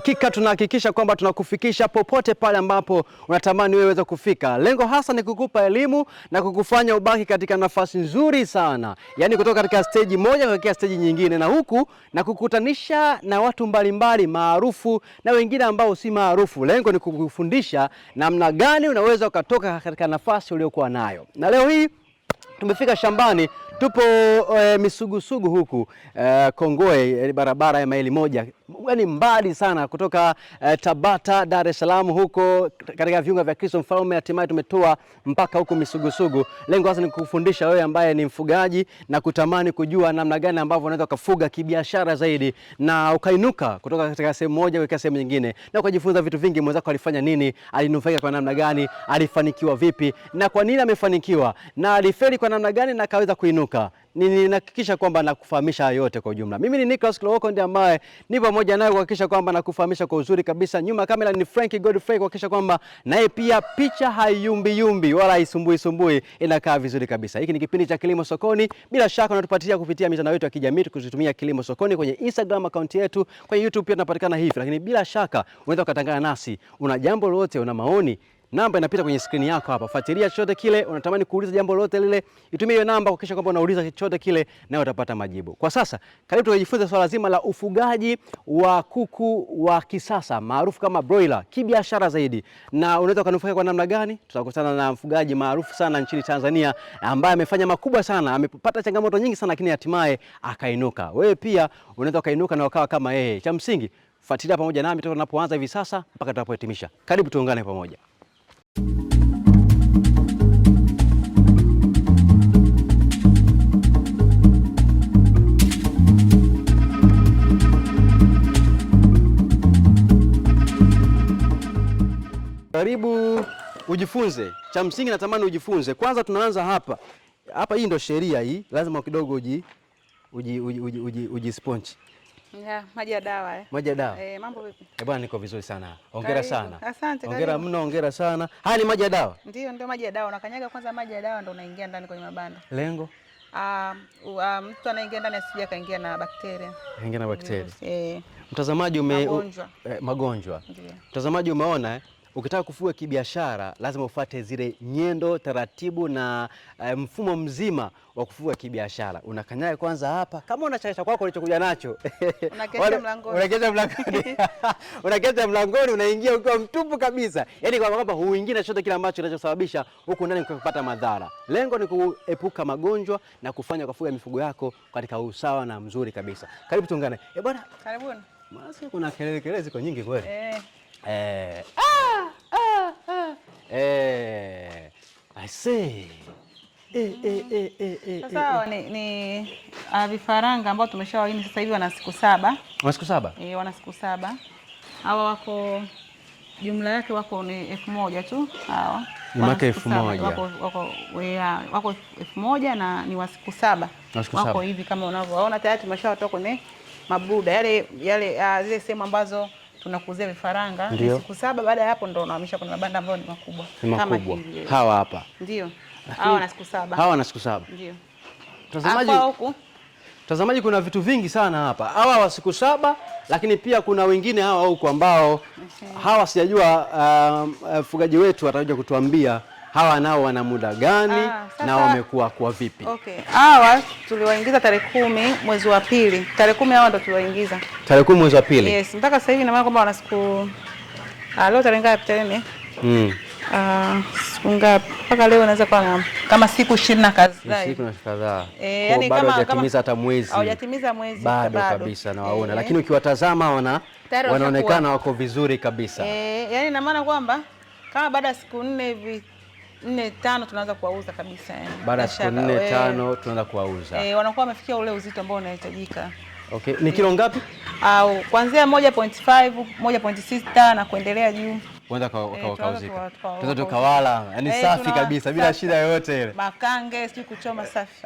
hakika tunahakikisha kwamba tunakufikisha popote pale ambapo unatamani wewe uweze kufika. Lengo hasa ni kukupa elimu na kukufanya ubaki katika nafasi nzuri sana, yaani kutoka katika steji moja kuelekea steji nyingine, na huku na kukutanisha na watu mbalimbali maarufu na wengine ambao si maarufu. Lengo ni kukufundisha namna gani unaweza ukatoka katika nafasi uliokuwa nayo, na leo hii tumefika shambani Tupo e, misugusugu huku e, eh, Kongoe, eh, barabara ya maili moja, yaani mbali sana kutoka e, Tabata Dar es Salaam huko katika viunga vya Kristo Mfalme. Hatimaye tumetoa mpaka huku misugusugu. Lengo hasa ni kukufundisha wewe ambaye ni mfugaji na kutamani kujua namna gani ambavyo unaweza ukafuga kibiashara zaidi na ukainuka kutoka katika sehemu moja kuelekea sehemu nyingine na ukajifunza vitu vingi. Mwenzako alifanya nini? Alinufaika kwa namna gani? Alifanikiwa vipi? Na kwa nini amefanikiwa? Na alifeli kwa namna gani na akaweza kuinuka? kuinuka, ninahakikisha kwamba nakufahamisha yote kwa ujumla. Mimi ni Nicholas Kiloko ndiye ambaye ni pamoja naye kuhakikisha kwamba nakufahamisha kwa uzuri kabisa. Nyuma kamera ni Frank Godfrey kuhakikisha kwamba naye pia picha haiyumbi yumbi wala haisumbui sumbui, inakaa vizuri kabisa. Hiki ni kipindi cha Kilimo Sokoni, bila shaka unatupatia kupitia mitandao yetu ya kijamii tukizitumia Kilimo Sokoni kwenye Instagram account yetu, kwenye YouTube pia tunapatikana hivi, lakini bila shaka unaweza kutangana nasi, una jambo lolote, una maoni namba inapita kwenye skrini yako hapa. Fuatilia chochote kile unatamani kuuliza jambo lolote lile, itumie hiyo namba kuhakikisha kwamba unauliza chochote kile na utapata majibu. Kwa sasa, karibu tujifunze swala zima la ufugaji wa kuku wa kisasa maarufu kama broiler, kibiashara zaidi, na unaweza kunufaika kwa namna gani? Tutakutana na mfugaji maarufu sana nchini Tanzania ambaye amefanya makubwa sana, amepata changamoto nyingi sana, lakini hatimaye akainuka. Wewe pia unaweza kainuka na ukawa kama yeye. Cha msingi fuatilia pamoja nami toka tunapoanza hivi sasa mpaka tutakapohitimisha. Karibu tuungane pamoja. Karibu ujifunze. Cha msingi natamani ujifunze. Kwanza tunaanza hapa hapa, hii ndo sheria hii, lazima kidogo uji uji uji, uji, uji, uji sponge maji ya dawa eh. Maji ya dawa. Eh, mambo vipi? Eh, bwana niko vizuri sana. Hongera sana. Asante. Hongera mno, hongera sana. Haya ni maji ya dawa. Ndio, ndio maji ya dawa. Unakanyaga kwanza maji ya dawa ndio unaingia ndani kwenye mabanda. Lengo? Ah, uh, uh, mtu anaingia ndani asije kaingia na bakteria. Ingia na bakteria. Mm, eh. Mtazamaji ume magonjwa. Eh, magonjwa. Mtazamaji umeona eh? Ukitaka kufuga kibiashara lazima ufuate zile nyendo taratibu na e, mfumo mzima wa kufuga kibiashara. Unakanyaga kwanza hapa, kama una cha kwako ulichokuja nacho unaketa mlangoni, unaingia ukiwa mtupu kabisa, yaani kwamba huingii na chochote kile ambacho kinachosababisha huku ndani kupata madhara. Lengo ni kuepuka magonjwa na kufanya kufuga mifugo yako katika usawa na mzuri kabisa. Karibu tuungane. Eh bwana, karibuni. Maana kuna kelele kelele ziko nyingi kweli. Eh. Eh, ah, ah, ah. Eh, I see. Eh, eh, eh, ni, ni ah, vifaranga ambao tumeshawaini sasa hivi wana siku saba. Wana siku saba? E, wana siku saba. Hawa wako jumla yake wako ni elfu moja tu hawa. Mwaka elfu moja. Wako wako wako elfu moja na ni wa siku saba. Wako Hivi kama unavyoona tayari tumeshawatoa kwenye mabuda yale yale ah, zile sehemu ambazo tunakuuzia vifaranga siku saba. Baada ya hapo ndo unahamisha kwenye mabanda ambayo ni makubwa kama hivi Hawa hapa ndio hawa na siku saba, hawa na siku saba. Ndio mtazamaji, huku mtazamaji, kuna vitu vingi sana hapa. Hawa wa siku saba, lakini pia kuna wengine hawa huku ambao hawa sijajua um, uh, mfugaji um, wetu atakuja kutuambia hawa nao wana muda gani ah, na wamekuwa kwa vipi? Okay. Hawa tuliwaingiza tarehe kumi mwezi wa pili, tarehe kumi hawa ndo tuliwaingiza tarehe kumi mwezi wa pili. Yes, mpaka sasa hivi na maana kwamba wana siku ah, leo tarehe ngapi? Tarehe mm. ah, siku ngapi mpaka leo naweza kuwa kama siku ishirini na kadhaa siku na kadhaa eh, yani kama hajatimiza hata mwezi hajatimiza mwezi bado, kabisa na waona e, eh. lakini ukiwatazama wana wanaonekana wako vizuri kabisa e, yani na maana kwamba kama baada ya siku nne hivi nne tano tunaanza kuwauza kabisa yani. Baada ya siku nne eh. tano tunaanza kuwauza. Eh, wanakuwa wamefikia ule uzito ambao unahitajika. Okay. Ni kilo ngapi? Au kuanzia 1.5, 1.6 na kuendelea juu. Kwanza eh, kawakauzika. Tunaweza tukawala, yani eh, safi kabisa bila shida yoyote ile. Makange si kuchoma safi.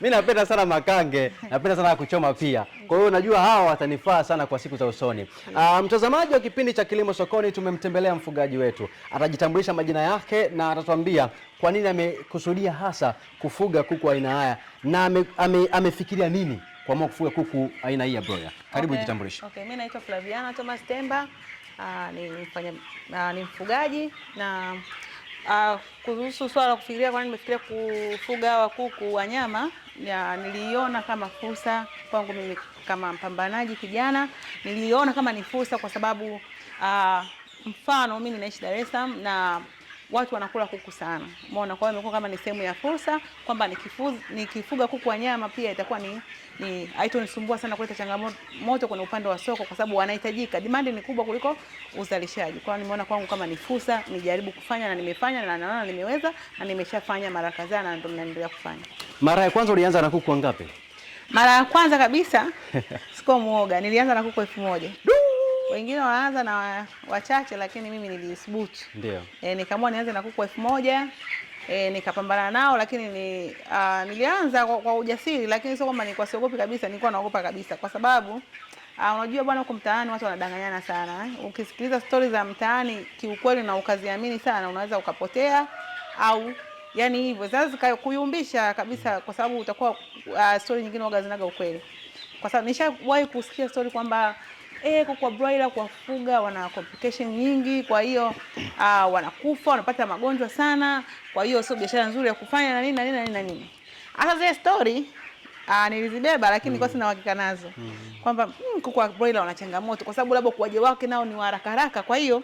Mimi napenda sana makange, napenda sana kuchoma pia. Kwa hiyo najua hawa watanifaa sana kwa siku za usoni. Ah, mtazamaji wa kipindi cha Kilimo Sokoni tumemtembelea mfugaji wetu. Atajitambulisha majina yake na atatuambia kwa nini amekusudia hasa kufuga kuku aina haya na amefikiria ame, ame, nini kwa kufuga kuku aina hii ya broya. Karibu okay, jitambulishe. Okay, mimi naitwa Flaviana Thomas Temba. Ah, ni mfanya uh, ni mfugaji na uh, kuhusu swala la kufikiria kwani nimefikiria kufuga wa kuku wa nyama, niliona kama fursa kwangu mimi kama mpambanaji kijana, niliona kama ni fursa kwa sababu uh, mfano mimi ninaishi Dar es Salaam na watu wanakula kuku sana, umeona. Kwa hiyo imekuwa kama ni sehemu ya fursa kwamba nikifuga kuku wa nyama pia itakuwa ni, ni haitonisumbua sana kuleta changamoto kwenye upande wa soko, kwa sababu wanahitajika, demand ni kubwa kuliko uzalishaji. Kwa hiyo nimeona kwangu kama ni fursa nijaribu kufanya, na nimefanya na naona nimeweza na nimeshafanya mara kadhaa na ndio ninaendelea kufanya. Mara ya kwanza ulianza na kuku wangapi? Mara ya kwanza kabisa siko muoga, nilianza na kuku elfu moja wengine wanaanza na wachache, lakini mimi nilijithubutu. Ndio. E, nikaamua nianze na kuku elfu moja e, nikapambana nao, lakini ni, uh, nilianza kwa, kwa ujasiri, lakini sio kwamba nilikuwa siogopi kabisa, nilikuwa naogopa kabisa kwa sababu Uh, unajua bwana, huko mtaani watu wanadanganyana sana eh. Ukisikiliza stori za mtaani kiukweli, na ukaziamini sana, unaweza ukapotea au yani hivyo sasa kuyumbisha kabisa, kwa sababu utakuwa uh, stori nyingine waga zinaga ukweli, kwa sababu nishawahi kusikia stori kwamba eh, kuku wa broiler kuwafuga wana complication nyingi, kwa hiyo uh, wanakufa, wanapata magonjwa sana, kwa hiyo sio biashara nzuri ya kufanya na nini na nini na nini na nini. Hata zile story uh, nilizibeba lakini mm. kwa sina uhakika nazo mm. kwamba mm, kuku wa broiler wana changamoto kwa sababu labda kuaje wake nao ni haraka haraka, kwa hiyo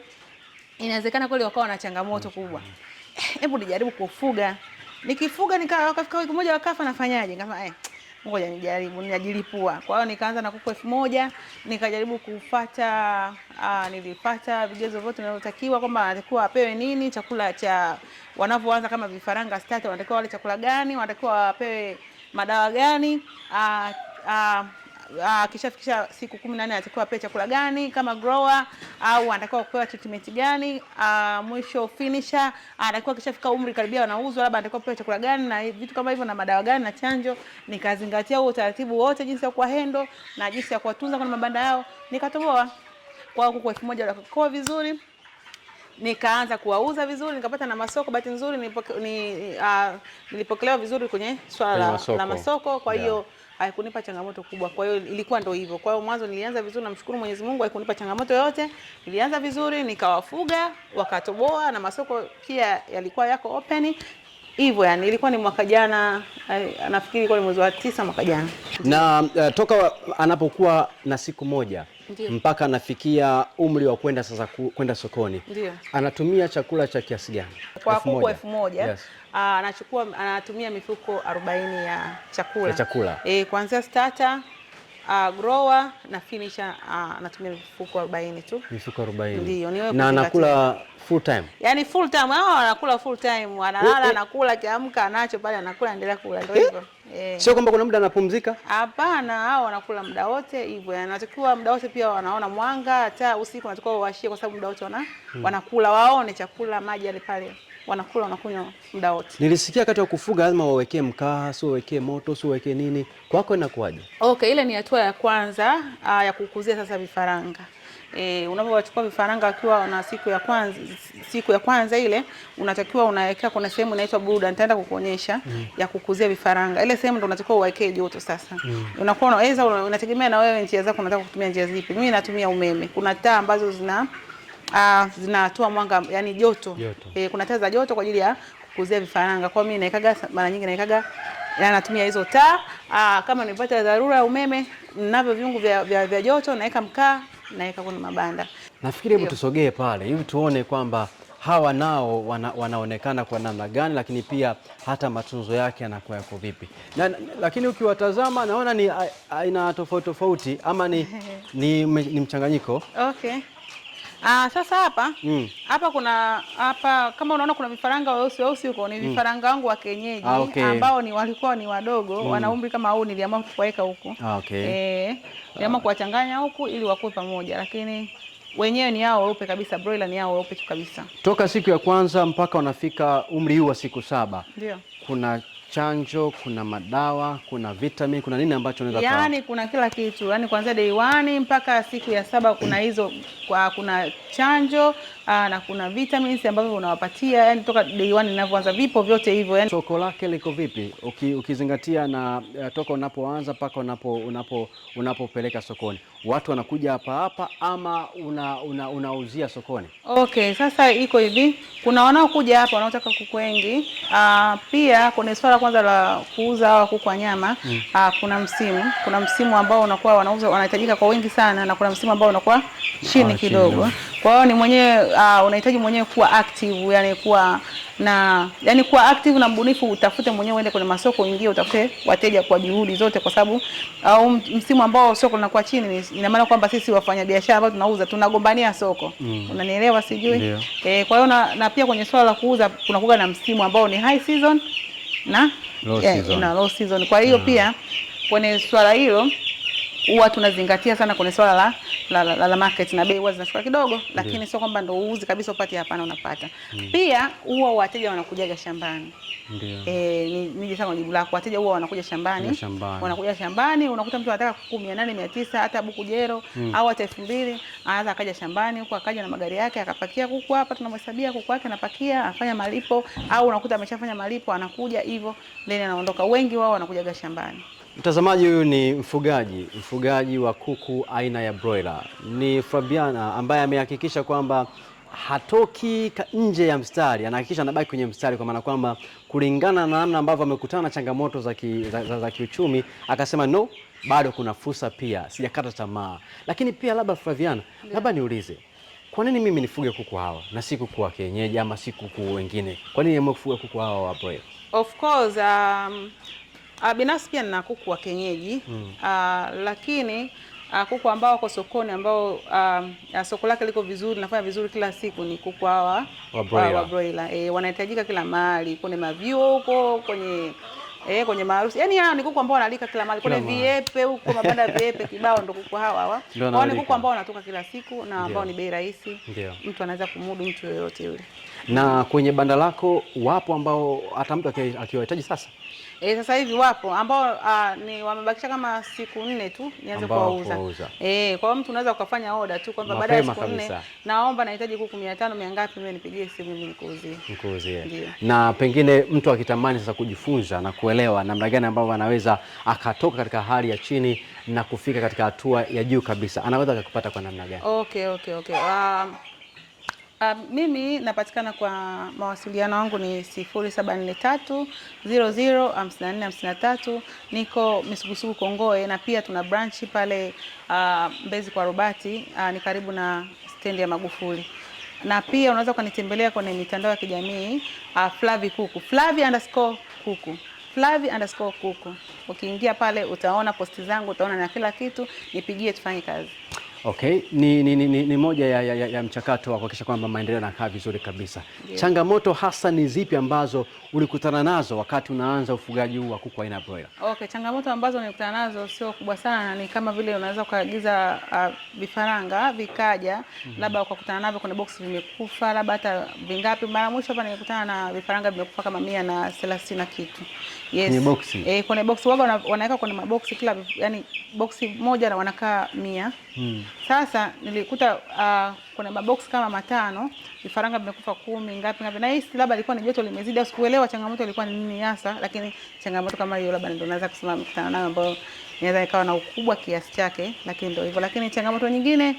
inawezekana kweli wakawa na changamoto kubwa. Mm. Eh, hebu nijaribu kufuga, nikifuga nikaa, wakafika wiki moja wakafa, nafanyaje? Nikasema eh ngoja nijaribu, ninajilipua. Kwa hiyo nikaanza na kuku elfu moja nikajaribu kufata aa, ah, nilipata vigezo vyote vinavyotakiwa kwamba wanatakiwa wapewe nini, chakula cha wanavyoanza kama vifaranga starter, wanatakiwa wale chakula gani, wanatakiwa wapewe madawa gani aa, ah, aa, ah, akishafikisha ah, uh, siku kumi na nne anatakiwa apewe chakula gani kama grower au anatakiwa kupewa treatment gani. Uh, mwisho finisher anatakiwa kishafika umri karibia wanauzwa, labda anatakiwa kupewa chakula gani na vitu kama hivyo na madawa gani na chanjo. Nikazingatia huo utaratibu wote, jinsi ya kuwahendo na jinsi ya kuwatunza kwenye mabanda yao, nikatoboa kwa kuku elfu moja wakakoa vizuri nikaanza kuwauza vizuri, nikapata na masoko. Bahati nzuri nilipokelewa ni, uh, nilipokelewa vizuri kwenye swala la masoko, kwa hiyo yeah haikunipa changamoto kubwa. Kwa hiyo ilikuwa ndo hivyo. Kwa hiyo mwanzo nilianza vizuri, namshukuru Mwenyezi Mungu, haikunipa changamoto yoyote. Nilianza vizuri, nikawafuga wakatoboa, na masoko pia yalikuwa yako open hivyo. Yani ilikuwa ni mwaka jana, eh, nafikiri ilikuwa ni mwezi wa tisa mwaka jana. Na uh, toka anapokuwa na siku moja Ndiyo. mpaka anafikia umri wa kwenda sasa kwenda sokoni Ndiyo. anatumia chakula cha kiasi gani? Kwa kuku elfu moja. Yes. Ah, anachukua anatumia mifuko 40 ya chakula, ya chakula. E, kuanzia starter Uh, grower na finisher anatumia uh, mifuko 40 tu. Mifuko 40. Ndio, ni wewe. Na anakula full time. Yaani full time, hao anakula full time, analala, eh, eh. anakula kiamka anacho pale anakula endelea kula ndio hivyo. Eh? eh. Sio kwamba kuna muda anapumzika? Hapana, hao wanakula muda wote hivyo. Yaani anatakiwa muda wote pia wanaona mwanga, hata usiku anatakiwa washie kwa sababu muda wote wana, hmm, wanakula waone chakula maji yale pale wanakula wanakunywa muda wote. Nilisikia wakati wa kufuga lazima wawekee mkaa, sio wawekee moto, sio wawekee nini. Kwako inakuwaje? Okay, ile ni hatua ya kwanza aa, ah, ya kukuzia sasa vifaranga. E, unapowachukua vifaranga wakiwa na siku ya kwanza, siku ya kwanza ile unatakiwa unawekea, kuna sehemu inaitwa buda, nitaenda kukuonyesha mm. ya kukuzia vifaranga. Ile sehemu ndio unatakiwa uwekee joto sasa. Mm. Unakuwa unaweza, unategemea na wewe njia zako, unataka kutumia njia zipi. Mimi natumia umeme. Kuna taa ambazo zina ah, zinatoa mwanga yani joto, joto. E, kuna taa za joto kwa ajili ya kukuzia vifaranga. Kwa mimi naikaga mara nyingi naikaga na natumia hizo taa ah, kama nipata dharura ya umeme, ninavyo viungu vya, vya, vya joto naweka mkaa naweka kwenye mabanda. Nafikiri hebu tusogee pale hivi tuone kwamba hawa nao wana, wanaonekana kwa namna gani, lakini pia hata matunzo yake yanakuwa yako vipi na, lakini ukiwatazama naona ni aina tofauti tofauti ama ni, ni, ni mchanganyiko okay. Ah, sasa hapa mm. hapa mm. kuna hapa kama unaona kuna vifaranga weusi weusi huko ni mm. vifaranga wangu wa kienyeji ah, okay. ambao ni walikuwa ni wadogo mm. wana umri kama huu, niliamua kuwaweka huku ah, okay. eh, niliamua ah. kuwachanganya huku ili wakue pamoja, lakini wenyewe ni hao weupe kabisa, broiler ni hao weupe kabisa. Toka siku ya kwanza mpaka wanafika umri huu wa siku saba, ndio kuna chanjo, kuna madawa, kuna vitamini, kuna nini ambacho unaweza yani, kuna kila kitu yani, kuanzia day 1 mpaka siku ya saba kuna hizo, kuna chanjo aa, ah, na kuna vitamins ambavyo unawapatia yani toka day one ninavyoanza, vipo vyote hivyo yani. Soko lake liko vipi uki, ukizingatia na uh, toka unapoanza mpaka unapo unapo unapopeleka sokoni, watu wanakuja hapa hapa ama unauzia una, una sokoni? Okay, sasa iko hivi, kuna wanaokuja hapa wanaotaka kuku wengi. Ah, pia kwenye swala kwanza la kuuza hawa kuku wa nyama mm. aa, ah, kuna msimu, kuna msimu ambao unakuwa wanauza wanahitajika kwa wengi sana, na kuna msimu ambao unakuwa Ah, chini kidogo. Kwa hiyo ni mwenyewe uh, ah, unahitaji mwenyewe kuwa active, yani kuwa na yani kuwa active na mbunifu, utafute mwenyewe, uende kwenye masoko, ingie, utafute wateja kwa juhudi zote, kwa sababu au msimu ambao soko linakuwa chini, ina maana kwamba sisi wafanyabiashara ambao tunauza tunagombania soko mm. Unanielewa? Sijui e, kwa hiyo na, na pia kwenye swala la kuuza kunakuwa na msimu ambao ni high season na low, yeah, season. Na low season. Kwa hiyo ah. pia kwenye swala hilo huwa tunazingatia sana kwenye swala la la, la, la, la market na bei huwa zinashuka kidogo, lakini sio kwamba ndio uuzi kabisa upate, hapana, unapata Ndiyo. Pia huwa wateja wanakujaga shambani eh, ni nije sana jibu lako, wateja huwa wanakuja shambani, shambani. Wanakuja shambani unakuta mtu anataka kuku mia nane hata buku jero mm. au hata 2000 mbili anaweza akaja shambani huko akaja na magari yake akapakia kuku hapa, tunamhesabia kuku wake, anapakia afanya malipo, au unakuta ameshafanya malipo anakuja hivyo then anaondoka. Wengi wao wanakujaga shambani. Mtazamaji, huyu ni mfugaji mfugaji wa kuku aina ya broiler. Ni Fabiana ambaye amehakikisha kwamba hatoki nje ya mstari, anahakikisha anabaki kwenye mstari, kwa maana kwamba kulingana na namna ambavyo amekutana na changamoto za, ki, za, za, za kiuchumi akasema no, bado kuna fursa pia, sijakata tamaa. Lakini pia labda Fabiana, labda niulize kwa nini mimi nifuge kuku hawa na si kuku wa kienyeji ama si kuku wengine? Kwa nini niamua kufuga kuku hawa wa broiler? Of course, um, Uh, binafsi pia nina kuku wa kienyeji mm. Uh, lakini uh, kuku ambao wako sokoni ambao uh, soko lake liko vizuri, nafanya vizuri kila siku ni kuku hawa wa broiler. Eh, wanahitajika kila mahali, kwenye mavio huko kwenye eh, kwenye maharusi, yaani hao ni kuku ambao wanalika kila mahali, kwenye viepe huko mabanda viepe kibao, ndo kuku hawa hawa. Hao ni kuku ambao wanatoka kila siku na ambao ni bei rahisi, mtu anaweza kumudu, mtu yoyote yule. Na kwenye banda lako wapo ambao hata mtu akiwahitaji sasa E, sasa hivi wapo ambao ah, ni wamebakisha kama siku nne tu nianze kuwauza. Eh, kwa mtu unaweza ukafanya oda tu kwamba baada ya siku nne naomba nahitaji kuku 500 mia ngapi, mimi nipigie simu mimi nikuuzie. Nikuuzie. Na pengine mtu akitamani sasa kujifunza na kuelewa namna gani ambavyo anaweza akatoka katika hali ya chini na kufika katika hatua ya juu kabisa, anaweza akakupata kwa namna gani? Okay, okay, okay. Um, Uh, mimi napatikana kwa mawasiliano wangu ni 0743 00 Niko Misugusugu Kongoe, na pia tuna branch pale uh, Mbezi kwa Robati uh, ni karibu na stendi ya Magufuli, na pia unaweza ukanitembelea kwenye mitandao ya kijamii uh, Flavi Kuku, Flavi underscore Kuku Flavi underscore Kuku. Ukiingia pale utaona posti zangu, utaona na kila kitu. Nipigie tufanye kazi. Okay, ni, ni, ni, ni moja ya, ya, ya mchakato wa kuhakikisha kwamba maendeleo yanakaa vizuri kabisa. Yeah. Changamoto hasa ni zipi ambazo ulikutana nazo wakati unaanza ufugaji huu wa kuku aina ya broiler? Okay, changamoto ambazo nilikutana nazo sio kubwa sana, ni kama vile unaweza ukaagiza uh, vifaranga vikaja, mm -hmm. labda ukakutana navyo kwenye box vimekufa, labda hata vingapi. Mara mwisho hapa nilikutana na vifaranga vimekufa kama mia na thelathini na kitu. Yes. Kwenye box. Eh, kwenye box wao wanaweka kwenye maboksi kila yani boksi moja na wanakaa mia. Mm. Sasa nilikuta uh, kuna mabox kama matano, vifaranga vimekufa kumi ngapi ngapi, na hii labda ilikuwa ni joto limezidi, sikuelewa changamoto ilikuwa ni nini hasa, lakini changamoto kama hiyo labda ndio naweza kusema mkutana nayo, ambayo inaweza ikawa na ukubwa kiasi chake, lakini ndio hivyo. Lakini changamoto nyingine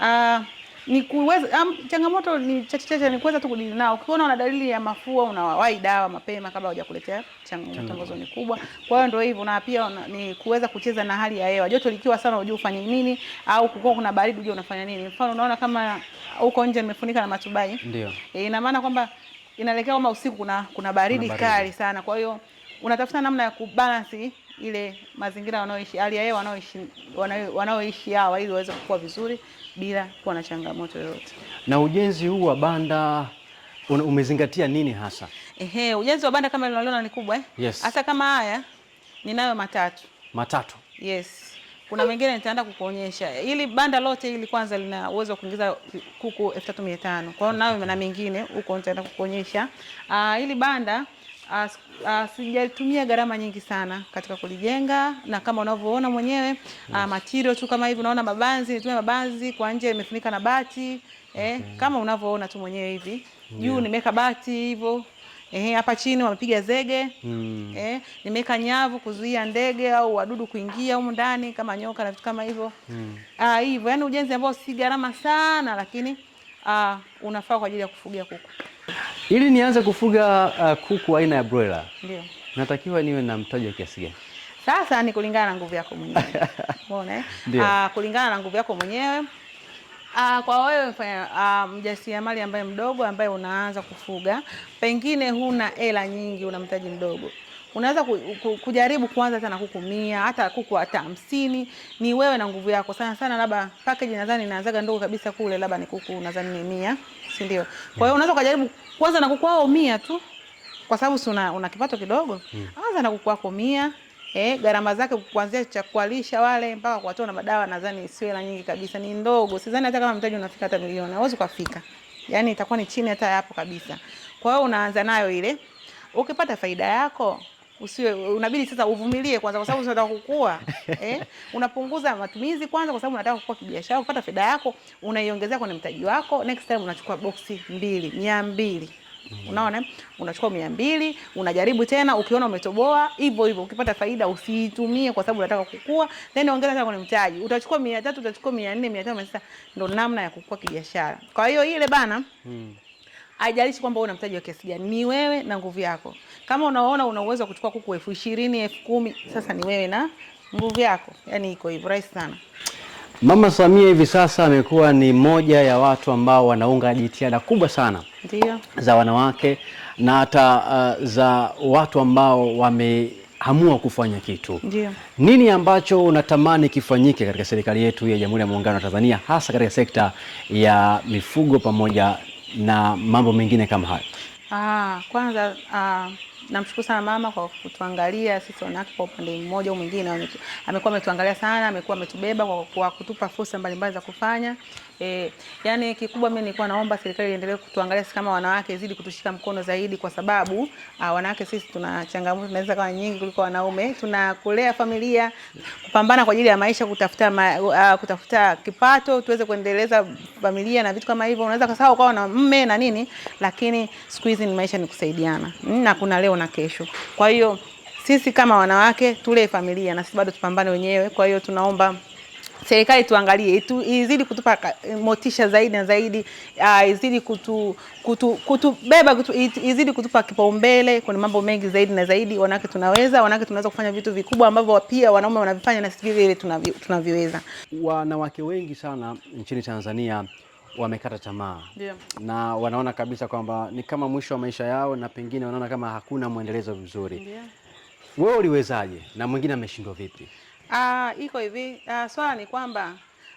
uh, ni kuweza um, changamoto ni chache chache, ni kuweza tu kudili nao. Ukiona una dalili ya mafua, unawawai dawa mapema kabla hujakuletea changamoto ambazo ni kubwa. Kwa hiyo ndio hivyo, na pia una, ni kuweza kucheza na hali ya hewa. Joto likiwa sana, unajua ufanye nini, au kukiwa kuna baridi, unajua unafanya nini. Mfano, unaona kama huko nje nimefunika na matubai, ndio e, ina maana kwamba inaelekea kama usiku kuna kuna baridi, kuna baridi kali sana, kwa hiyo unatafuta namna ya kubalance ile mazingira wanaoishi, hali ya hewa wanaoishi wanaoishi hawa, ili waweze kukua vizuri bila kuwa na changamoto yoyote. Na ujenzi huu wa banda umezingatia nini hasa? Ehe, ujenzi wa banda kama unaliona ni kubwa eh? Yes. Hata kama haya ninayo matatu matatu. Yes, kuna mengine nitaenda kukuonyesha. ili banda lote hili kwanza lina uwezo wa kuingiza kuku elfu tatu mia tano kwa hiyo nayo na mengine huko nitaenda kukuonyesha. Ah, hili banda sijatumia gharama nyingi sana katika kulijenga, na kama unavyoona mwenyewe ah, matirio tu kama hivi, unaona mabanzi, nitumia mabanzi kwa nje, imefunika na bati eh, Kama unavyoona tu mwenyewe hivi juu yeah. Nimeweka bati hivyo eh, hapa chini wamepiga zege mm. Eh, nimeweka nyavu kuzuia ndege au wadudu kuingia humu ndani kama nyoka na vitu kama hivyo mm. Ah, hivyo yani ujenzi ambao si gharama sana, lakini ah, unafaa kwa ajili ya kufugia kuku. Ili nianze kufuga uh, kuku aina ya broiler. Ndio. Natakiwa niwe na mtaji wa kiasi gani? Sasa ni kulingana na nguvu yako mwenyewe. Umeona eh? Uh, kulingana na nguvu yako mwenyewe. Uh, kwa wewe mfanya uh, mjasiriamali ambaye mdogo ambaye unaanza kufuga, pengine huna hela nyingi, una mtaji mdogo unaweza ku, ku, kujaribu kuanza hata na kuku mia hata kuku hata hamsini. Ni wewe na nguvu yako sana sana, labda package nadhani inaanzaga ndogo kabisa kule, labda ni kuku nadhani ni mia, si ndio? Kwa hiyo unaweza kujaribu kwanza na mia tu, kwa sababu si una, una kipato kidogo mm. Anza na kuku mia eh, gharama zake kuanzia cha kualisha wale mpaka kuwatoa na madawa, nadhani sio hela nyingi kabisa, ni ndogo. Sidhani hata kama mtaji unafika hata milioni, hauwezi kufika, yani itakuwa ni chini hata hapo kabisa. Kwa hiyo unaanza nayo ile, ukipata faida yako usiwe unabidi sasa uvumilie kwanza, kwa sababu unataka kukua eh, unapunguza matumizi kwanza, kwa sababu unataka kukua kibiashara, kupata fedha yako, unaiongezea kwenye mtaji wako. Next time unachukua boksi mbili, mia mbili Mm. Unaona, eh? unachukua mia mbili unajaribu tena, ukiona umetoboa hivyo hivyo, ukipata faida usiitumie kwa sababu unataka kukua, then ongeza tena kwenye mtaji, utachukua mia tatu utachukua mia nne mia tano Ndo namna ya kukua kibiashara. Kwa hiyo ile bana mm haijalishi kwamba una mtaji wa kiasi gani, ni wewe na nguvu yako. Kama unaona una uwezo wa kuchukua kuku elfu ishirini elfu kumi sasa ni wewe na nguvu yako. Yani iko hivyo, rahisi sana. Mama Samia hivi sasa amekuwa ni moja ya watu ambao wanaunga jitihada kubwa sana ndio za wanawake na hata uh, za watu ambao wameamua kufanya kitu Ndiyo. Nini ambacho unatamani kifanyike katika serikali yetu ya Jamhuri ya Muungano wa Tanzania hasa katika sekta ya mifugo pamoja na mambo mengine kama hayo? Ah, kwanza ah, namshukuru sana mama kwa kutuangalia sisi wanawake kwa upande mmoja au mwingine. Amekuwa ametuangalia sana, amekuwa ametubeba kwa, kwa kutupa fursa mbalimbali za kufanya E, yani kikubwa mimi nilikuwa naomba serikali iendelee kutuangalia sisi kama wanawake, zidi kutushika mkono zaidi, kwa sababu uh, wanawake sisi tuna changamoto tunaweza kuwa nyingi kuliko wanaume. Tuna kulea familia, kupambana kwa ajili ya maisha, kutafuta ma, uh, kutafuta kipato tuweze kuendeleza familia na vitu kama hivyo. Unaweza kasahau kwa na mme na nini, lakini siku hizi ni maisha ni kusaidiana, na kuna leo na kesho. Kwa hiyo sisi kama wanawake tulee familia na sisi bado tupambane wenyewe. Kwa hiyo tunaomba serikali tuangalie tu, izidi kutupa motisha zaidi na zaidi uh, izidi kutu kutu kutubeba kutu, izidi kutupa kipaumbele kwenye mambo mengi zaidi na zaidi. Wanawake tunaweza, wanawake tunaweza kufanya vitu vikubwa ambavyo pia wanaume wanavifanya na sisi vile tunavyoweza. tunaviweza. Wanawake wengi sana nchini Tanzania wamekata tamaa yeah, na wanaona kabisa kwamba ni kama mwisho wa maisha yao na pengine wanaona kama hakuna mwendelezo mzuri yeah. Wewe uliwezaje na mwingine ameshindwa vipi? Ah, iko hivi. Ah, swala ni kwamba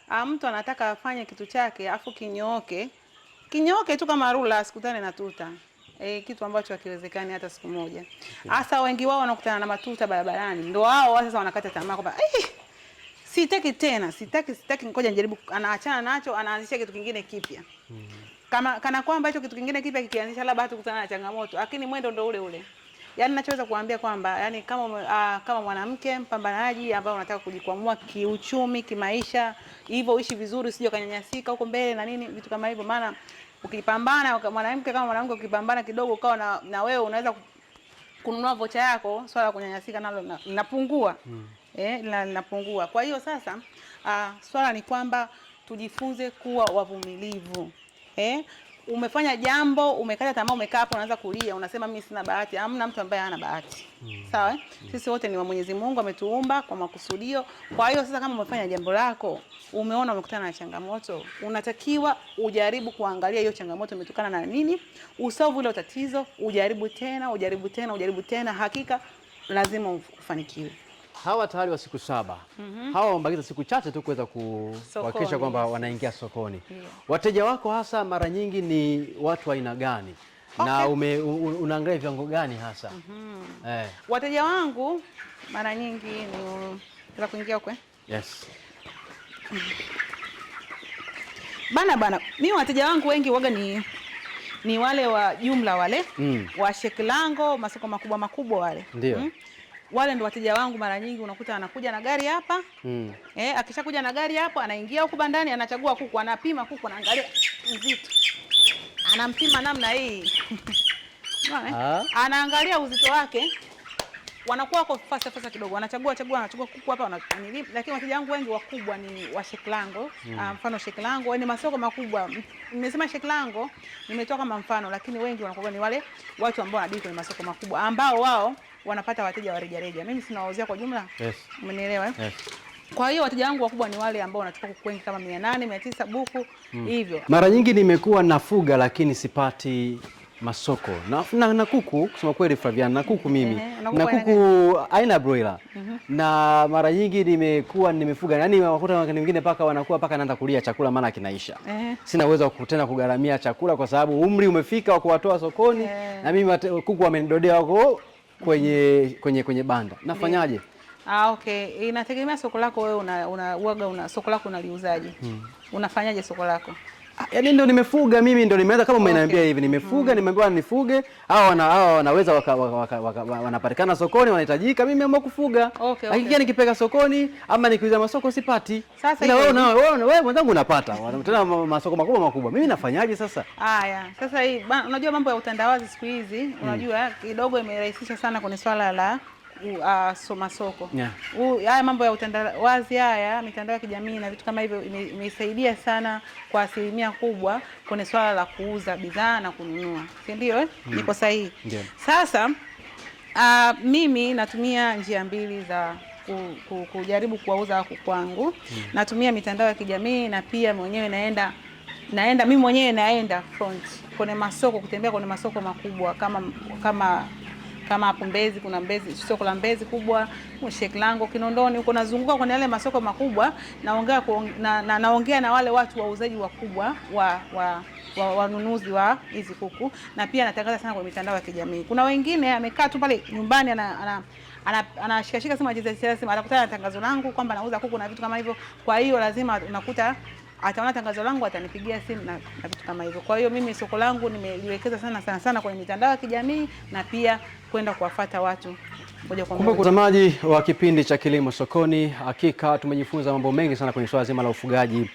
ah, mtu anataka afanye kitu chake afu kinyooke. Kinyooke tu kama rula asikutane na tuta. E, kitu ambacho hakiwezekani hata siku moja. Hasa wengi wao wanakutana na matuta barabarani. Ndio wao sasa wanakata tamaa kwamba eh, sitaki tena, sitaki sitaki, ngoja nijaribu. Anaachana nacho, anaanzisha kitu kingine kipya. Mm. -hmm. Kama kana kwamba hicho kitu kingine kipya kikianzisha labda hatukutana na changamoto, lakini mwendo ndio ule ule yani nachoweza kuambia kwamba yani kama uh, kama mwanamke mpambanaji ambaye unataka kujikwamua kiuchumi, kimaisha, hivyo uishi vizuri, usije kanyanyasika huko mbele na nini, vitu kama hivyo. Maana ukipambana mwanamke kama mwanamke, ukipambana kidogo ukawa na, na wewe unaweza kununua vocha yako, swala la kunyanyasika nalo linapungua mm. eh, linapungua. Kwa hiyo sasa, uh, swala ni kwamba tujifunze kuwa wavumilivu eh, umefanya jambo, umekata tamaa, umekaa hapo unaanza kulia, unasema mimi sina bahati. Hamna mtu ambaye hana bahati. Mm. Sawa? Eh? Mm. Sisi wote ni wa Mwenyezi Mungu, ametuumba kwa makusudio. Kwa hiyo sasa, kama umefanya jambo lako, umeona umekutana na changamoto, unatakiwa ujaribu kuangalia hiyo changamoto imetokana na nini, usovu ile tatizo, ujaribu tena, ujaribu tena, ujaribu tena, hakika lazima ufanikiwe hawa tayari wa siku saba mm -hmm. hawa wamebakiza siku chache tu kuweza kuhakikisha kwamba wanaingia sokoni yeah. Wateja wako hasa mara nyingi ni watu wa aina gani? Okay. na ume, unaangalia viwango gani hasa? mm -hmm. eh. Wateja wangu mara nyingi ni za kuingia kwe yes. bana bana, mimi wateja wangu wengi waga ni ni wale wa jumla wale mm. wa Shekilango, masoko makubwa makubwa wale ndio mm wale ndo wateja wangu mara nyingi unakuta anakuja na gari hapa mm. Eh, akishakuja na gari hapo anaingia huku bandani, anachagua kuku, anapima kuku, anaangalia uzito, anampima namna hii eh? ah. anaangalia uzito wake, wanakuwa wako fasta fasta kidogo, wanachagua chagua, anachagua kuku hapa wananili. Lakini wateja wangu wengi wakubwa ni wa Sheklango mm. Ah, mfano Sheklango ni masoko makubwa, nimesema Sheklango nimetoa kama mfano, lakini wengi wanakuwa ni wale watu ambao wanadili kwenye masoko makubwa ambao wao wanapata wateja wa rejareja. Mimi sinawauzia kwa jumla. Yes. Umenielewa eh? Yes. Kwa hiyo wateja wangu wakubwa ni wale ambao wanachukua kuku wengi kama 800, 900 buku mm. hivyo. Mara nyingi nimekuwa nafuga lakini sipati masoko na, na, na kuku kusema kweli Flavian, na kuku mimi yeah, na kuku aina broiler mm -hmm. na mara nyingi nimekuwa nimefuga, yani wakuta wengine mwingine paka wanakuwa paka naanza kulia chakula, maana kinaisha yeah. Sina uwezo kutena kugharamia chakula kwa sababu umri umefika wa kuwatoa sokoni yeah. na mimi kuku wamenidodea wako kwenye kwenye kwenye banda nafanyaje? Ah, okay, inategemea soko lako wewe una, una, uaga una soko lako unaliuzaje? hmm. unafanyaje soko lako? Yaani ndio nimefuga mimi ndo nimeanza kama umeniambia hivi nimefuga mm. Nimeambiwa nifuge hao wana hao wanaweza wanapatikana sokoni wanahitajika, mimi nimeamua kufuga. Okay, okay. okay. Yaani Nikipeka sokoni ama nikiuza masoko sipati. Sasa ila wewe na wewe mwenzangu unapata tena masoko makubwa makubwa, mimi nafanyaje sasa? Haya, sasa hii unajua mambo ya utandawazi siku hizi mm. unajua kidogo imerahisisha sana kwenye swala la uh, Soma Soko yeah. Uh, haya mambo ya utandawazi haya mitandao ya kijamii na vitu kama hivyo imesaidia sana kwa asilimia kubwa kwenye swala la kuuza bidhaa na kununua, si ndio eh? Mm. Niko sahihi yeah. Sasa uh, mimi natumia njia mbili za kujaribu kuwauza wako kwangu mm. Natumia mitandao ya kijamii na pia mwenyewe naenda naenda mimi mwenyewe naenda front kwenye masoko, kutembea kwenye masoko makubwa kama kama kama hapo Mbezi kuna Mbezi, soko la Mbezi kubwa, Lango, Kinondoni huko, nazunguka kwenye yale masoko makubwa, naongea na, na, naongea na wale watu wauzaji wakubwa wa, wa wanunuzi wa, wa hizi kuku na pia anatangaza sana kwenye mitandao ya kijamii. Kuna wengine amekaa tu pale nyumbani ana anashikashika ana, ana, simu anacheza simu, anakutana na tangazo langu kwamba nauza kuku na vitu kama hivyo. Kwa hiyo lazima unakuta ataona tangazo langu, atanipigia simu na, na vitu kama hivyo. Kwa hiyo mimi soko langu nimeliwekeza sana sana sana kwenye mitandao ya kijamii na pia kwenda kuwafata watu moja kwa moja. Mtazamaji wa kipindi cha Kilimo Sokoni, hakika tumejifunza mambo mengi sana kwenye swala zima la ufugaji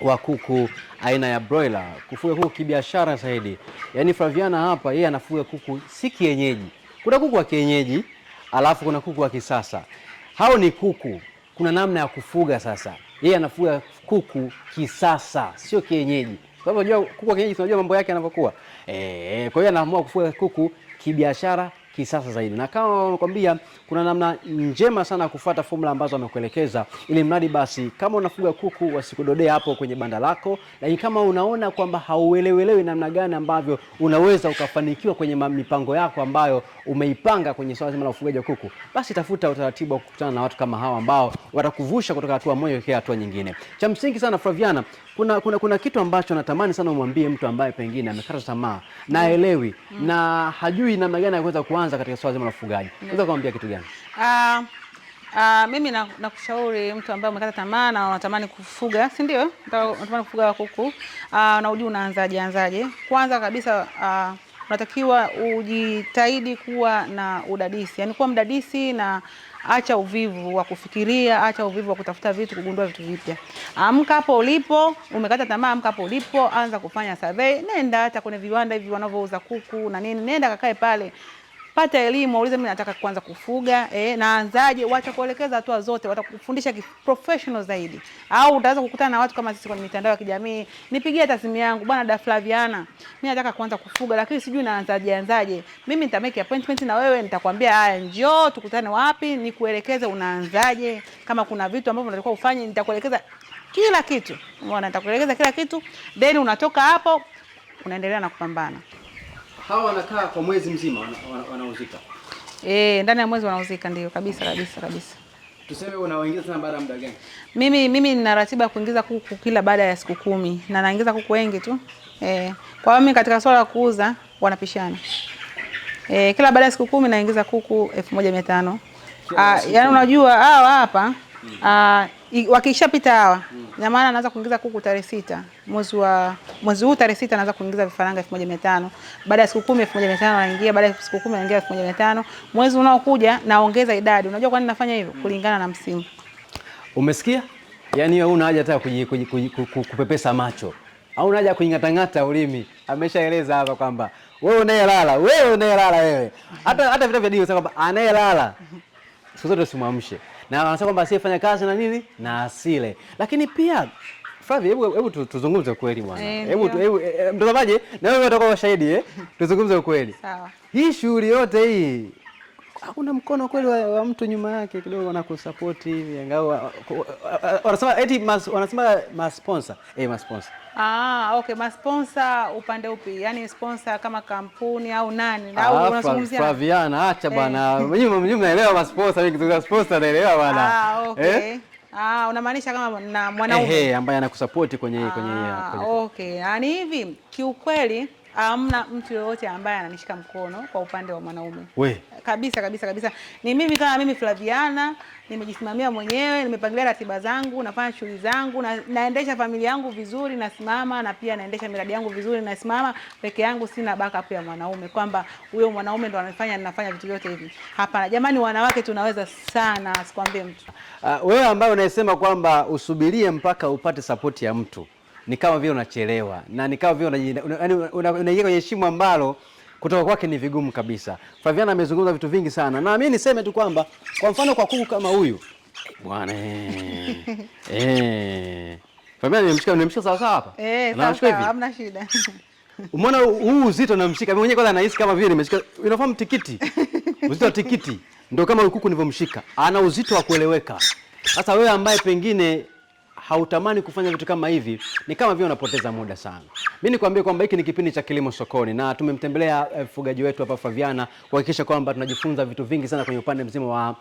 wa kuku aina ya broiler, kufuga kuku kibiashara zaidi. Yaani Flaviana hapa yeye anafuga kuku si kienyeji. Kuna kuku wa kienyeji alafu kuna kuku wa kisasa. Hao ni kuku, kuna namna ya kufuga sasa. Yeye anafuga kuku kisasa, sio kienyeji. Kwa hivyo unajua kuku wa kienyeji unajua mambo yake yanavyokuwa. Eh, kwa hiyo anaamua kufuga kuku kibiashara kisasa zaidi, na kama wamekwambia kuna namna njema sana ya kufuata fomula ambazo wamekuelekeza, ili mradi basi kama unafuga kuku wasikudodee hapo kwenye banda lako, lakini kama unaona kwamba hauelewelewi namna gani ambavyo unaweza ukafanikiwa kwenye mipango yako ambayo umeipanga kwenye swala zima la ufugaji wa kuku, basi tafuta utaratibu wa kukutana na watu kama hawa ambao watakuvusha kutoka hatua moja kwenda hatua nyingine. Cha msingi sana Flaviana kuna, kuna, kuna kitu ambacho natamani sana umwambie mtu ambaye pengine amekata tamaa na aelewi mm. na hajui namna gani ya kuweza kuanza katika swala zima la ufugaji mm. unaweza kumwambia kitu gani? Uh, uh, mimi nakushauri na mtu ambaye umekata tamaa na unatamani kufuga, si ndio? Unatamani kufuga kuku uh, na ujui unaanzaje anzaje. Kwanza kabisa uh, unatakiwa ujitahidi kuwa na udadisi, yani kuwa mdadisi na acha uvivu wa kufikiria, acha uvivu wa kutafuta vitu, kugundua vitu vipya. Amka hapo ulipo, umekata tamaa. Amka hapo ulipo, anza kufanya survey, nenda hata kwenye viwanda hivi wanavyouza kuku na nini, nenda kakae pale pata elimu, waulize mimi nataka kuanza kufuga eh, naanzaje? Watakuelekeza hatua zote, watakufundisha professional zaidi, au utaweza kukutana na watu kama sisi kwenye mitandao ya kijamii. Nipigie hata simu yangu, bwana da Flaviana, mimi nataka kuanza kufuga lakini sijui naanzaje anzaje. Mimi nita make appointment na wewe, nitakwambia haya, njoo tukutane wapi, nikuelekeze unaanzaje, kama kuna vitu ambavyo unatakiwa ufanye, nitakuelekeza kila kitu. Umeona, nitakuelekeza kila kitu, then unatoka hapo unaendelea na kupambana hawa wanakaa kwa mwezi mzima wanauzika? Eh, ndani ya mwezi wanauzika, ndio kabisa kabisa kabisa. Tuseme unaoingiza sana baada ya muda gani? Mimi mimi nina ratiba ya kuingiza kuku kila baada ya siku kumi na naingiza kuku wengi tu. Eh, kwa hiyo mimi katika swala la kuuza wanapishana. Eh, kila baada ya siku kumi naingiza kuku elfu moja mia tano. Ah, yaani unajua hawa hapa Uh, wakishapita hawa mm. na maana anaanza kuingiza kuku tarehe sita mwezi wa mwezi huu tarehe sita anaanza kuingiza vifaranga 1500 baada ya siku 10 1500 anaingia, baada ya siku 10 anaingia 1500 mwezi unaokuja naongeza idadi. Unajua kwa nini nafanya hivyo? Mm. Kulingana na msimu. Umesikia? Yaani wewe una haja hata kupepesa macho au unaja kuingatangata ulimi. Ameshaeleza hapa kwamba wewe unayelala, wewe unayelala, wewe hata hata vitu vya dini kwamba anayelala siku zote usimwamshe na wanasema kwamba asiyefanya kazi na nini na asile, lakini pia Flavi, hebu hebu tuzungumze ukweli bwana. Eh, hebu eh, mtazamaji, na wewe utakuwa shahidi eh, tuzungumze ukweli. Sawa. Hii shughuli yote hii hakuna mkono kweli wa, wa mtu nyuma yake kidogo wanakusapoti hivi, angao wanasema eti mas, wanasema sponsor eh, hey, sponsor ah, okay, sponsor upande upi? Yani sponsor kama kampuni au nani? na Au ah, unazungumzia Flaviana? Acha eh. bwana, mimi mimi naelewa sponsor mimi kitu sponsor naelewa bwana. Ah, eh? okay hey. Ah, unamaanisha kama na mwanaume ambaye anakusupport kwenye, ah, kwenye kwenye okay, yani hivi kiukweli hamna mtu yoyote ambaye ananishika mkono kwa upande wa mwanaume we. Kabisa kabisa kabisa, ni mimi kama mimi Flaviana, nimejisimamia mwenyewe, nimepangilia ratiba zangu, nafanya shughuli zangu na, naendesha familia yangu vizuri, nasimama na pia naendesha miradi yangu vizuri, nasimama peke yangu, sina backup ya mwanaume kwamba huyo mwanaume ndo anafanya ninafanya vitu vyote hivi. Hapana jamani, wanawake tunaweza sana, sikwambie mtu. Uh, wewe ambaye unasema kwamba usubirie mpaka upate sapoti ya mtu ni kama vile unachelewa na ni kama vile unaingia kwenye shimo ambalo kutoka kwake ni vigumu kabisa. Flaviana amezungumza vitu vingi sana, na mimi niseme tu kwamba kwa mfano kwa kuku kama huyu bwana eh, Flaviana eh. nimemshika nimemshika sawa sawa hapa eh, sawa sawa, hamna shida. Umeona huu uzito namshika mimi mwenyewe, kwanza nahisi kama vile nimeshika, unafahamu tikiti, uzito wa tikiti ndio kama huyu kuku nilivyomshika, ana uzito wa kueleweka. Sasa wewe ambaye pengine hautamani kufanya vitu kama hivi, ni kama vile unapoteza muda sana. Mimi nikwambie kwamba hiki ni kipindi cha Kilimo Sokoni na tumemtembelea eh, mfugaji wetu hapa Faviana kuhakikisha kwamba tunajifunza vitu vingi sana kwenye upande mzima wa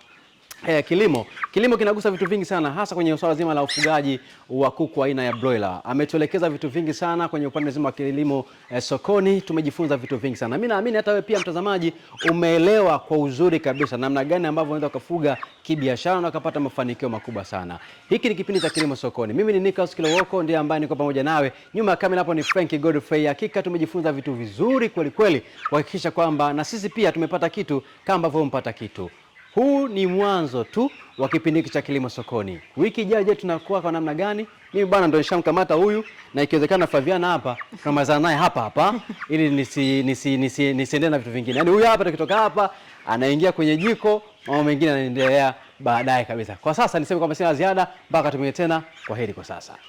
Eh, kilimo kilimo kinagusa vitu vingi sana hasa kwenye swala zima la ufugaji wa kuku aina ya broiler. Ametuelekeza vitu vingi sana kwenye upande mzima wa kilimo eh, sokoni tumejifunza vitu vingi sana. Mimi naamini hata wewe pia mtazamaji umeelewa kwa uzuri kabisa namna gani ambavyo unaweza kufuga kibiashara na ukapata mafanikio makubwa sana. Hiki ni kipindi cha kilimo sokoni. Mimi ni Nicholas Kilowoko ndiye ambaye niko pamoja nawe. Nyuma ya kamera hapo ni Frank Godfrey. Hakika tumejifunza vitu vizuri kweli kweli kuhakikisha kwamba na sisi pia tumepata kitu kama ambavyo mpata kitu. Huu ni mwanzo tu wa kipindi hiki cha Kilimo Sokoni. Wiki ijayo, je, tunakuwa kwa namna gani? Mimi bwana ndo nishamkamata huyu na ikiwezekana Faviana hapa tunamalizana naye hapa hapa ili nisi, nisi, nisi, nisiendelee na vitu vingine. Yaani huyu hapa tukitoka hapa anaingia kwenye jiko, mambo mengine yanaendelea baadaye kabisa. Kwa sasa niseme kwamba sina ziada mpaka tumie tena. Kwa heri kwa sasa.